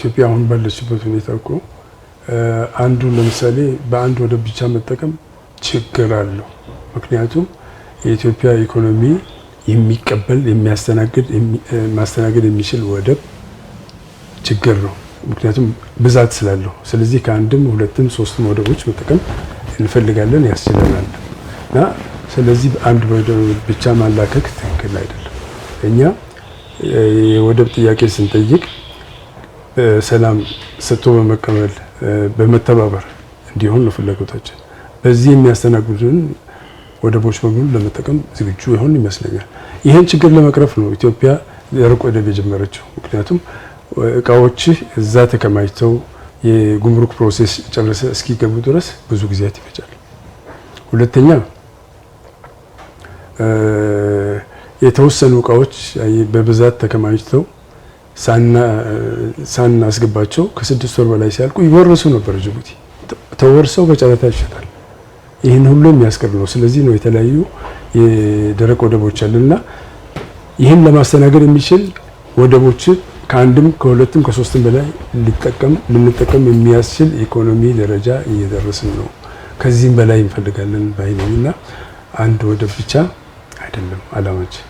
ኢትዮጵያ አሁን ባለችበት ሁኔታ እኮ አንዱን ለምሳሌ በአንድ ወደብ ብቻ መጠቀም ችግር አለው። ምክንያቱም የኢትዮጵያ ኢኮኖሚ የሚቀበል የሚያስተናግድ ማስተናገድ የሚችል ወደብ ችግር ነው። ምክንያቱም ብዛት ስላለው። ስለዚህ ከአንድም ሁለትም ሶስትም ወደቦች መጠቀም እንፈልጋለን ያስችለናል እና ስለዚህ በአንድ ወደብ ብቻ ማላከክ ትክክል አይደለም። እኛ የወደብ ጥያቄ ስንጠይቅ ሰላም ሰጥቶ በመቀበል በመተባበር እንዲሆን ነው ፍላጎታችን። በዚህ የሚያስተናግዱን ወደቦች በሙሉ ለመጠቀም ዝግጁ ይሆን ይመስለኛል። ይህን ችግር ለመቅረፍ ነው ኢትዮጵያ ሩቅ ወደብ የጀመረችው። ምክንያቱም እቃዎች እዛ ተከማችተው የጉምሩክ ፕሮሴስ ጨረሰ እስኪገቡ ድረስ ብዙ ጊዜያት ይፈጃል። ሁለተኛ የተወሰኑ እቃዎች በብዛት ተከማችተው ሳናስገባቸው ከስድስት ወር በላይ ሲያልቁ ይወረሱ ነበር። ጅቡቲ ተወርሰው በጨረታ ይሸጣል። ይህን ሁሉ የሚያስቀር ነው። ስለዚህ ነው የተለያዩ የደረቅ ወደቦች አሉና ይህን ለማስተናገድ የሚችል ወደቦች ከአንድም ከሁለትም ከሶስትም በላይ ልንጠቀም የሚያስችል ኢኮኖሚ ደረጃ እየደረስን ነው። ከዚህም በላይ እንፈልጋለን ባይነኝና አንድ ወደብ ብቻ አይደለም አላማችን።